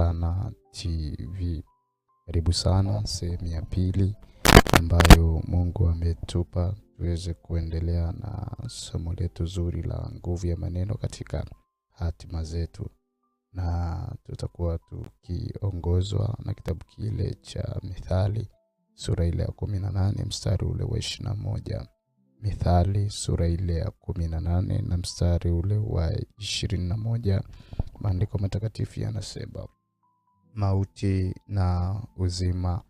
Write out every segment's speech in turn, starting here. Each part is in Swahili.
Kana TV. Karibu sana sehemu ya pili ambayo Mungu ametupa tuweze kuendelea na somo letu zuri la nguvu ya maneno katika hatima zetu, na tutakuwa tukiongozwa na kitabu kile cha Mithali sura ile ya kumi na nane mstari ule wa ishirini na moja. Mithali sura ile ya kumi na nane na mstari ule wa ishirini na moja. Maandiko matakatifu yanasema mauti na uzima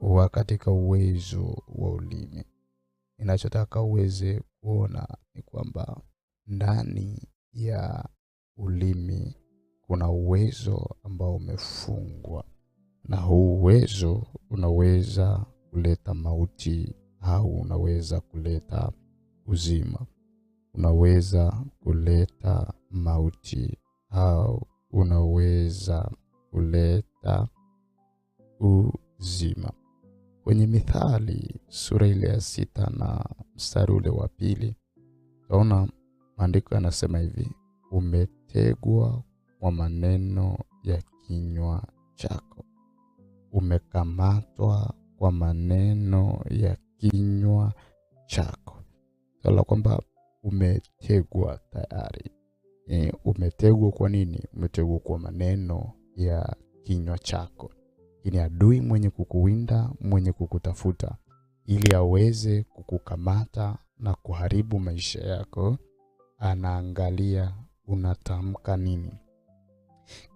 wa katika uwezo wa ulimi. Inachotaka uweze kuona ni kwamba ndani ya ulimi kuna uwezo ambao umefungwa, na huu uwezo unaweza kuleta mauti au unaweza kuleta uzima. Unaweza kuleta mauti au unaweza kuleta uzima. Kwenye Mithali sura ile ya sita na mstari ule wa pili taona maandiko yanasema hivi, umetegwa kwa maneno ya kinywa chako, umekamatwa kwa maneno ya kinywa chako. Sala kwamba umetegwa tayari. E, umetegwa kwa nini? Umetegwa kwa maneno ya kinywa chako. Ni adui mwenye kukuwinda, mwenye kukutafuta ili aweze kukukamata na kuharibu maisha yako. Anaangalia unatamka nini.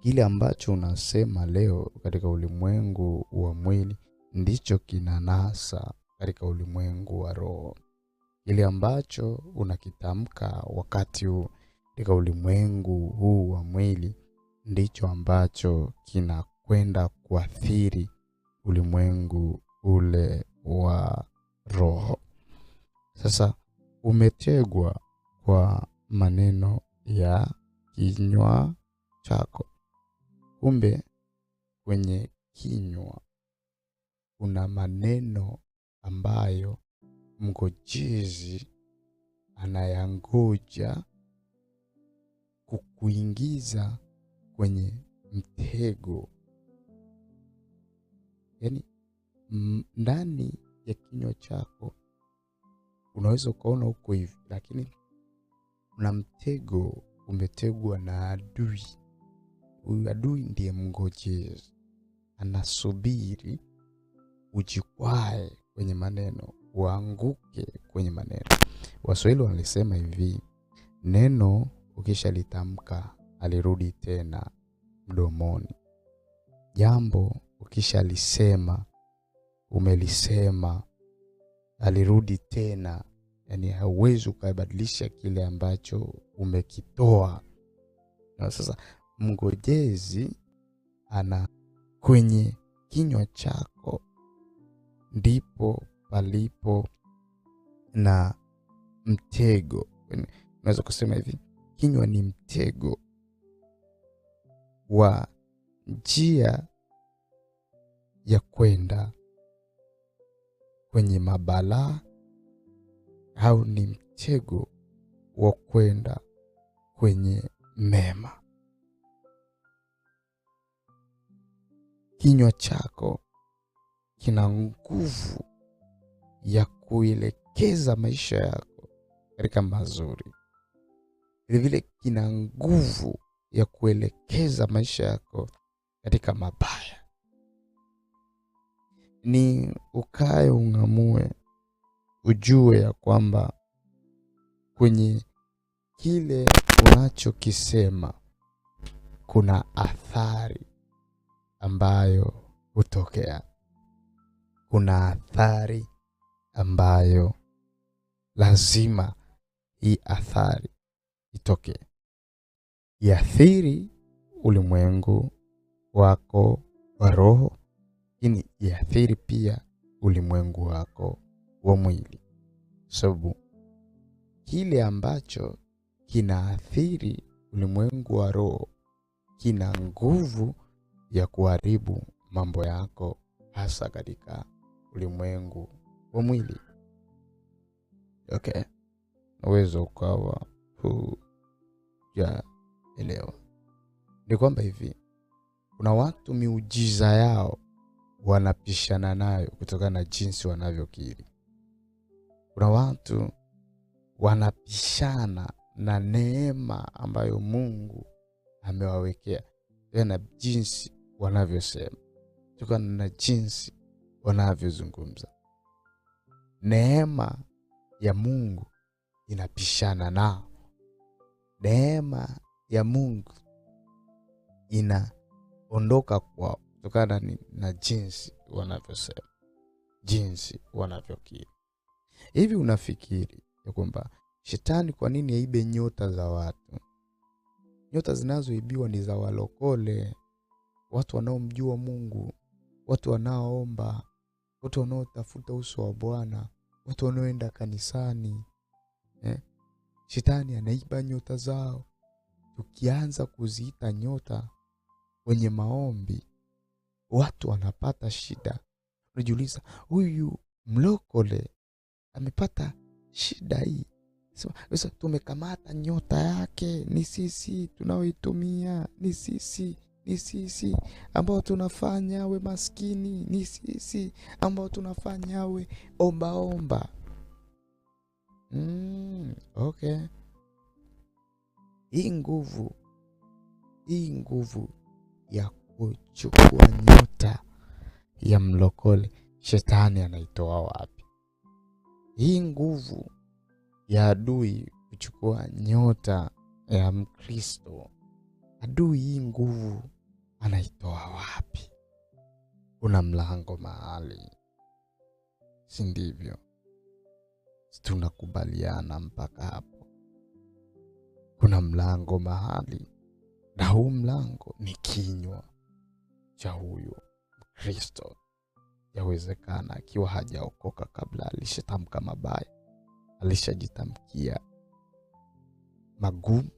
Kile ambacho unasema leo katika ulimwengu wa mwili ndicho kinanasa katika ulimwengu wa roho. Kile ambacho unakitamka wakati huu katika ulimwengu huu wa mwili ndicho ambacho kinakwenda kuathiri ulimwengu ule wa roho. Sasa umetegwa kwa maneno ya kinywa chako. Kumbe kwenye kinywa kuna maneno ambayo mgojezi anayangoja kukuingiza kwenye mtego. Yaani ndani ya kinywa chako unaweza ukaona huko hivi, lakini kuna mtego umetegwa na adui. Huyu adui ndiye mngojezi, anasubiri ujikwae kwenye maneno, uanguke kwenye maneno. Waswahili wanalisema hivi, neno ukishalitamka alirudi tena mdomoni. Jambo ukishalisema umelisema, alirudi tena, yani hauwezi ukabadilisha kile ambacho umekitoa. Na sasa mgojezi ana kwenye kinywa chako ndipo palipo na mtego. Unaweza kusema hivi, kinywa ni mtego wa njia ya kwenda kwenye mabalaa au ni mtego wa kwenda kwenye mema. Kinywa chako kina nguvu ya kuelekeza maisha yako katika mazuri, vilevile kina nguvu ya kuelekeza maisha yako katika mabaya. Ni ukae ung'amue, ujue ya kwamba kwenye kile unachokisema kuna athari ambayo hutokea, kuna athari ambayo lazima hii athari itokee iathiri ulimwengu wako wa roho, lakini iathiri pia ulimwengu wako wa mwili, sababu kile ambacho kinaathiri ulimwengu wa roho kina nguvu ya kuharibu mambo yako, hasa katika ulimwengu wa mwili. Okay, unaweza ukawa huja elewa ni kwamba hivi kuna watu miujiza yao wanapishana nayo kutokana na jinsi wanavyokiri. Kuna watu wanapishana na neema ambayo Mungu amewawekea na jinsi wanavyosema, kutokana na jinsi wanavyozungumza. Neema ya Mungu inapishana nao, neema ya Mungu inaondoka kwao kutokana na, na jinsi wanavyosema, jinsi wanavyokiri. Hivi unafikiri ya kwamba shetani kwa nini aibe nyota za watu? Nyota zinazoibiwa ni za walokole, watu wanaomjua Mungu, watu wanaoomba, watu wanaotafuta uso wa Bwana, watu wanaoenda kanisani eh? Shetani anaiba nyota zao tukianza kuziita nyota kwenye maombi, watu wanapata shida. Unajiuliza, huyu mlokole amepata shida hii? Sasa tumekamata nyota yake, ni sisi tunaoitumia, ni sisi ni sisi ambao tunafanya awe maskini, ni sisi ambao tunafanya awe ombaomba. Mm, okay hii nguvu hii nguvu ya kuchukua nyota ya mlokole shetani anaitoa wapi? Hii nguvu ya adui kuchukua nyota ya Mkristo, adui hii nguvu anaitoa wapi? Kuna mlango mahali, si ndivyo? Tunakubaliana mpaka hapo kuna mlango mahali, na huu mlango ni kinywa cha huyu Mkristo. Yawezekana akiwa hajaokoka kabla alishatamka mabaya, alishajitamkia magumu,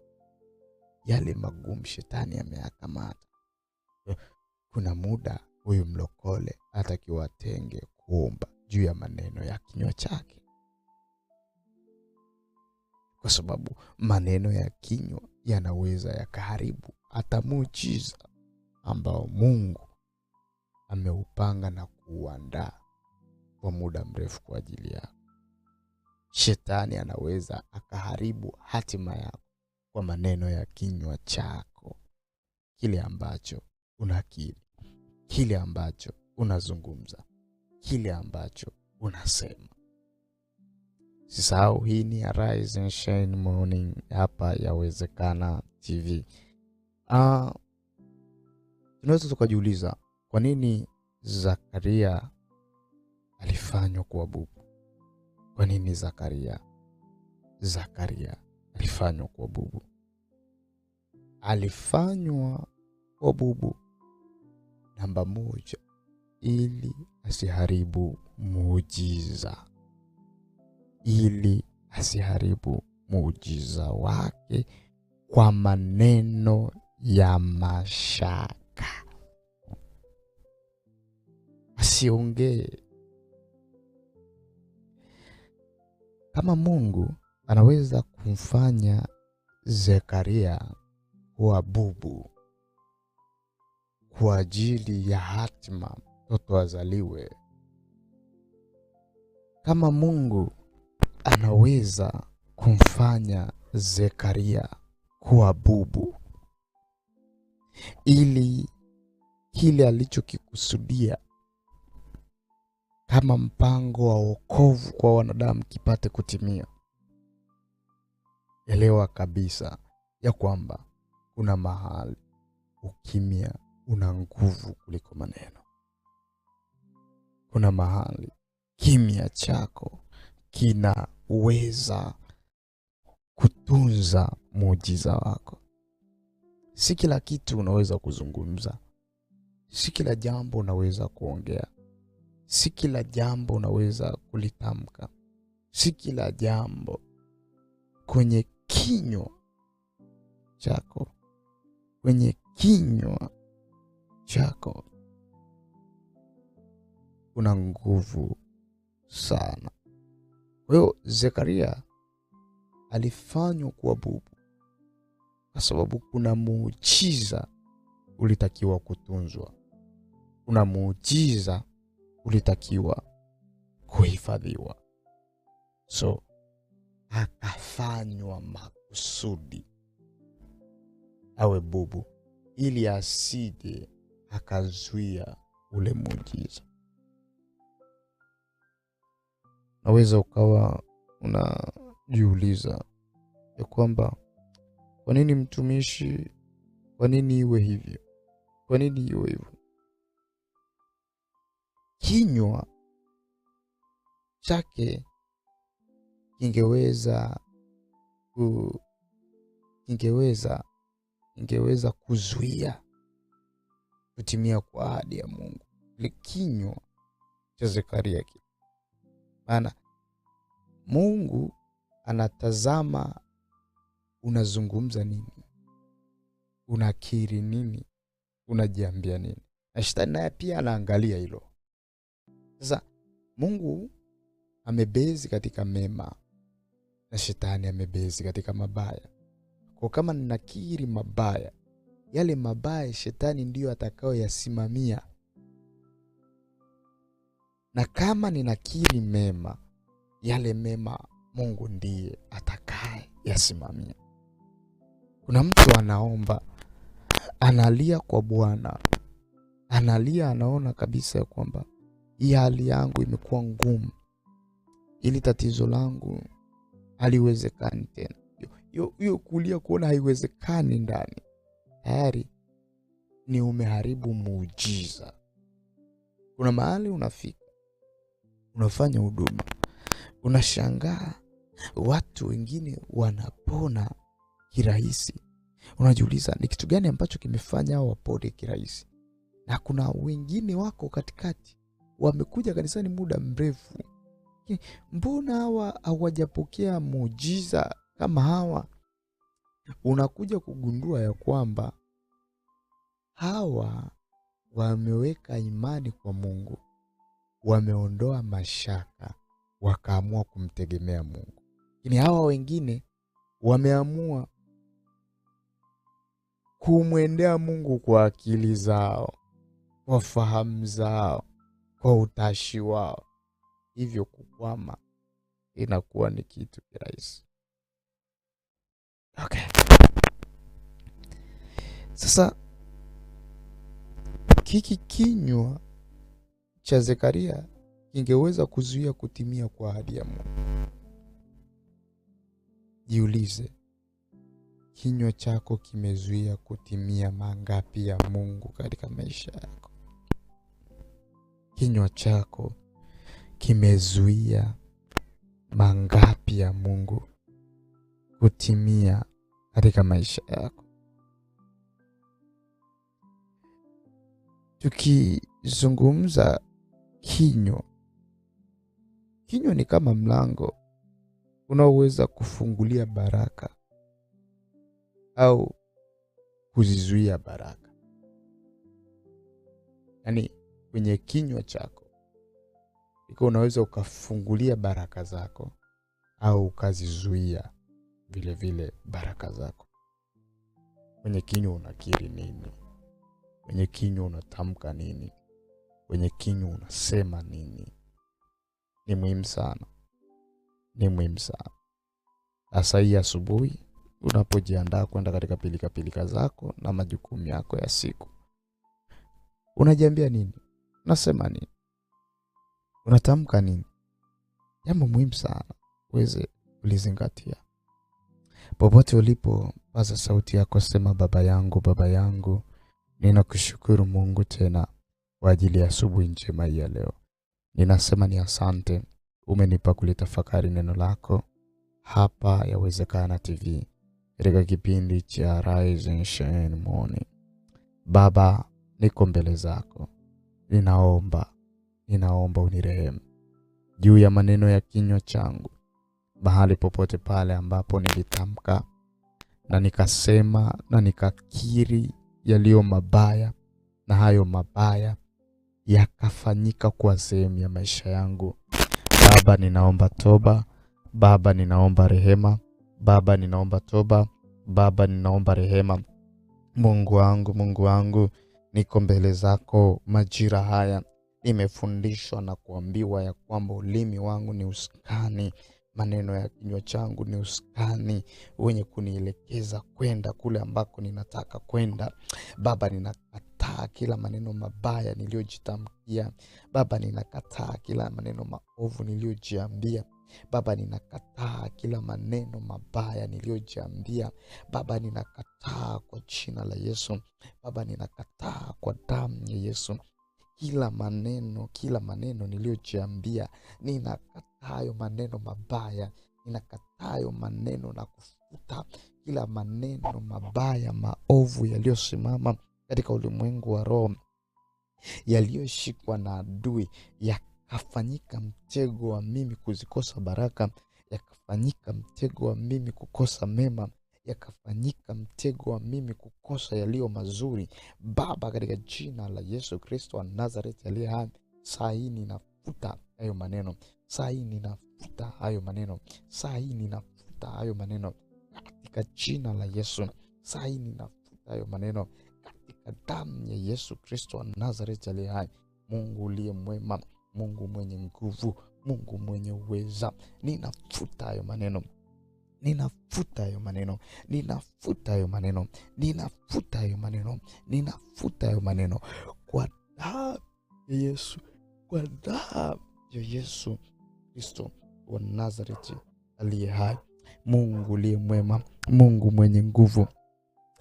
yale magumu shetani ameyakamata. Kuna muda huyu mlokole hatakiwa atenge kuomba juu ya maneno ya kinywa chake kwa sababu maneno ya kinywa yanaweza yakaharibu hata muujiza ambao Mungu ameupanga na kuuandaa kwa muda mrefu kwa ajili yako. Shetani anaweza akaharibu hatima yako kwa maneno ya kinywa chako, kile ambacho unakiri, kile ambacho unazungumza, kile ambacho unasema. Usisahau hii ni Arise and Shine Morning hapa Yawezekana TV. Uh, ah, tunaweza tukajiuliza kwa nini Zakaria alifanywa kuwa bubu? Kwa nini Zakaria Zakaria alifanywa kuwa bubu? Alifanywa kuwa bubu namba moja, ili asiharibu muujiza ili asiharibu muujiza wake kwa maneno ya mashaka. Asiongee. Kama Mungu anaweza kumfanya Zekaria kuwa bubu kwa ajili ya hatima mtoto azaliwe, kama Mungu anaweza kumfanya Zekaria kuwa bubu ili kile alichokikusudia kama mpango wa wokovu kwa wanadamu kipate kutimia. Elewa kabisa ya kwamba kuna mahali ukimya una nguvu kuliko maneno. Kuna mahali kimya chako kinaweza kutunza muujiza wako. Si kila kitu unaweza kuzungumza, si kila jambo unaweza kuongea, si kila jambo unaweza kulitamka, si kila jambo kwenye kinywa chako, kwenye kinywa chako kuna nguvu sana. Kwa hiyo Zekaria alifanywa kuwa bubu kwa sababu kuna muujiza ulitakiwa kutunzwa, kuna muujiza ulitakiwa kuhifadhiwa, so akafanywa makusudi awe bubu ili asije akazuia ule muujiza. unaweza ukawa unajiuliza ya kwamba kwa nini mtumishi, kwa nini iwe hivyo, kwa nini iwe hivyo? Kinywa chake kingeweza ku kingeweza kingeweza kuzuia kutimia kwa ahadi ya Mungu. Ile kinywa cha Zekaria kile maana Mungu anatazama unazungumza nini, unakiri nini, unajiambia nini, na shetani naye pia anaangalia hilo. Sasa Mungu amebezi katika mema na shetani amebezi katika mabaya. Kwa kama ninakiri mabaya, yale mabaya shetani ndiyo atakayo yasimamia na kama ninakiri mema, yale mema Mungu ndiye atakaye yasimamia. Kuna mtu anaomba, analia kwa Bwana, analia, anaona kabisa ya kwamba hii hali yangu imekuwa ngumu, ili tatizo langu haliwezekani tena. Hiyo kulia kuona haiwezekani ndani tayari ni umeharibu muujiza. Kuna mahali unafika unafanya huduma, unashangaa watu wengine wanapona kirahisi. Unajiuliza ni kitu gani ambacho kimefanya hao wapone kirahisi, na kuna wengine wako katikati, wamekuja kanisani muda mrefu, mbona hawa hawajapokea muujiza kama hawa? Unakuja kugundua ya kwamba hawa wameweka imani kwa Mungu wameondoa mashaka, wakaamua kumtegemea Mungu. Lakini hawa wengine wameamua kumwendea Mungu kwa akili zao, kwa fahamu zao, kwa utashi wao, hivyo kukwama inakuwa ni kitu kirahisi. Okay. Sasa kiki kinywa cha Zekaria kingeweza kuzuia kutimia kwa ahadi ya Mungu. Jiulize, kinywa chako kimezuia kutimia mangapi ya Mungu katika maisha yako? Kinywa chako kimezuia mangapi ya Mungu kutimia katika maisha yako? Tukizungumza kinywa. Kinywa ni kama mlango unaoweza kufungulia baraka au kuzizuia baraka. Yaani kwenye kinywa chako iko unaweza ukafungulia baraka zako au ukazizuia vile vile baraka zako. Kwenye kinywa unakiri nini? Kwenye kinywa unatamka nini? kwenye kinywa unasema nini. Ni muhimu sana, ni muhimu sana hasa hii asubuhi unapojiandaa kwenda katika pilikapilika -pilika zako na majukumu yako ya siku. Unajiambia nini? Unasema nini? Unatamka nini? Jambo muhimu sana uweze ulizingatia popote ulipo. Paza sauti yako, sema: Baba yangu, Baba yangu, ninakushukuru Mungu tena kwa ajili ya asubuhi njema hii ya leo. Ninasema ni asante, umenipa kulitafakari neno lako hapa Yawezekana TV katika kipindi cha Rise and Shine Morning. Baba, niko mbele zako, ninaomba ninaomba unirehemu juu ya maneno ya kinywa changu, mahali popote pale ambapo nilitamka na nikasema na nikakiri yaliyo mabaya na hayo mabaya yakafanyika kwa sehemu ya maisha yangu. Baba, ninaomba toba. Baba, ninaomba rehema. Baba, ninaomba toba. Baba, ninaomba rehema. Mungu wangu, Mungu wangu, niko mbele zako majira haya. Nimefundishwa na kuambiwa ya kwamba ulimi wangu ni usukani, maneno ya kinywa changu ni usukani wenye kunielekeza kwenda kule ambako ninataka kwenda. Baba, ninakata ninakataa kila maneno mabaya niliyojitamkia. Baba, ninakataa kila maneno maovu niliyojiambia. Baba, ninakataa kila maneno mabaya niliyojiambia. Baba, ninakataa kwa jina la Yesu. Baba, ninakataa kwa damu ya Yesu kila maneno, kila maneno niliyojiambia. ninakatayo maneno mabaya, ninakatayo maneno na kufuta kila maneno mabaya maovu yaliyosimama katika ulimwengu wa roho yaliyoshikwa na adui yakafanyika mtego wa mimi kuzikosa baraka, yakafanyika mtego wa mimi kukosa mema, yakafanyika mtego wa mimi kukosa yaliyo mazuri. Baba, katika jina la Yesu Kristo wa Nazareti aliye haya saa hii ninafuta hayo maneno, saa hii ninafuta hayo maneno, saa hii ninafuta hayo maneno katika jina la Yesu, saa hii ninafuta hayo maneno katika damu ya Yesu Kristo wa Nazareti aliye hai, Mungu uliye mwema, Mungu mwenye nguvu, Mungu mwenye uweza. Ninafuta hayo maneno ninafuta hayo maneno, ninafuta hayo maneno, ninafuta hayo maneno, ninafuta hayo maneno kwa damu ya Yesu, kwa damu ya Yesu Kristo wa Nazareti aliye hai, Mungu uliye mwema, Mungu mwenye nguvu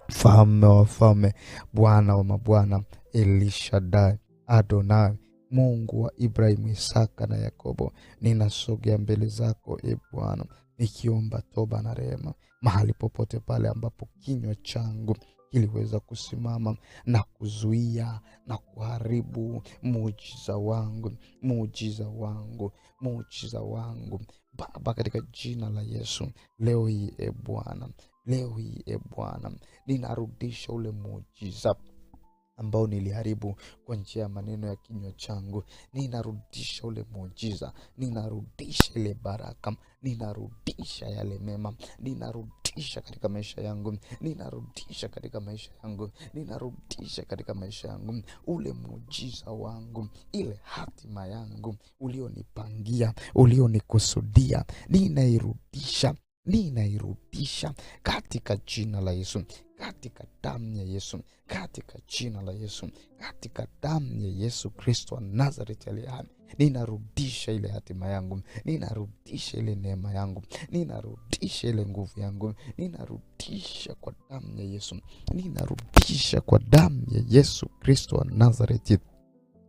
mfalme wa wafalme, Bwana wa mabwana, Elishadai, Adonai, Mungu wa Ibrahimu, Isaka na Yakobo, ninasogea mbele zako e Bwana nikiomba toba na rehema mahali popote pale ambapo kinywa changu kiliweza kusimama na kuzuia na kuharibu muujiza wangu, muujiza wangu, muujiza wangu Baba, katika jina la Yesu leo hii e Bwana leo hii e Bwana, ninarudisha ule muujiza ambao niliharibu kwa njia ya maneno ya kinywa changu. Ninarudisha ule muujiza, ninarudisha ile baraka, ninarudisha yale mema, ninarudisha katika maisha yangu, ninarudisha katika maisha yangu, ninarudisha katika maisha yangu ule muujiza wangu, ile hatima yangu ulionipangia, ulionikusudia, ninairudisha ninairudisha katika jina la Yesu, katika damu ya Yesu, katika jina la Yesu, katika damu ya Yesu Kristo wa Nazareti aliye Ninarudisha ile hatima yangu, ninarudisha ile neema yangu, ninarudisha ile nguvu yangu, ninarudisha kwa damu ya Yesu, ninarudisha kwa damu ya Yesu Kristo wa Nazareti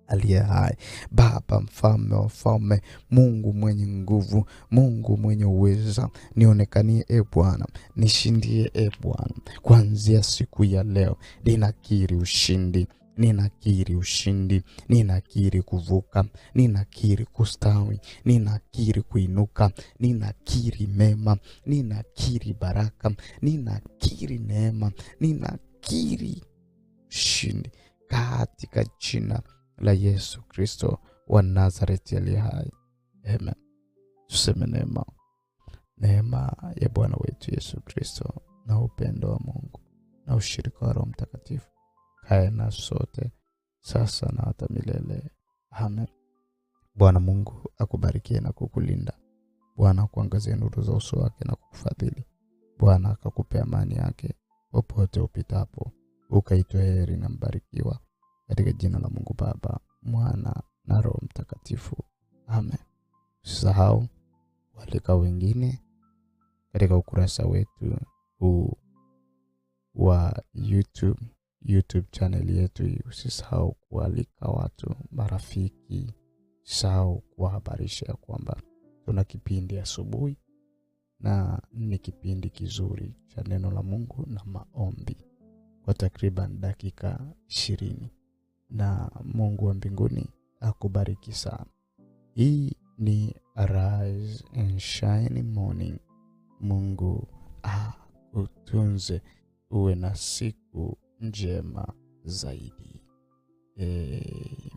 aliye hai, Baba mfalme wa falme, Mungu mwenye nguvu, Mungu mwenye uweza, nionekanie e Bwana, nishindie e Bwana. Kuanzia siku ya leo ninakiri ushindi ninakiri ushindi, ninakiri kuvuka, ninakiri kustawi, ninakiri kuinuka, ninakiri mema, ninakiri baraka, ninakiri neema, ninakiri ushindi katika jina la Yesu Kristo wa Nazareti aliye hai. Amen. Tuseme neema. Neema ya Bwana wetu Yesu Kristo na upendo wa Mungu na ushirika wa Roho Mtakatifu kae na sote sasa na hata milele. Amen. Bwana Mungu akubarikie na kukulinda. Bwana akuangazie nuru za uso wake na kukufadhili. Bwana akakupea amani yake popote upitapo, ukaitwa heri na mbarikiwa katika jina la Mungu Baba, Mwana na Roho Mtakatifu, amen. Usisahau kualika wengine katika ukurasa wetu huu wa YouTube, YouTube channel yetu Usisahau kualika watu, marafiki, usisahau kuwahabarisha ya kwamba tuna kipindi asubuhi na ni kipindi kizuri cha neno la Mungu na maombi kwa takriban dakika ishirini na Mungu wa mbinguni akubariki sana. Hii ni Arise and Shine Morning. Mungu akutunze, uwe na siku njema zaidi. E...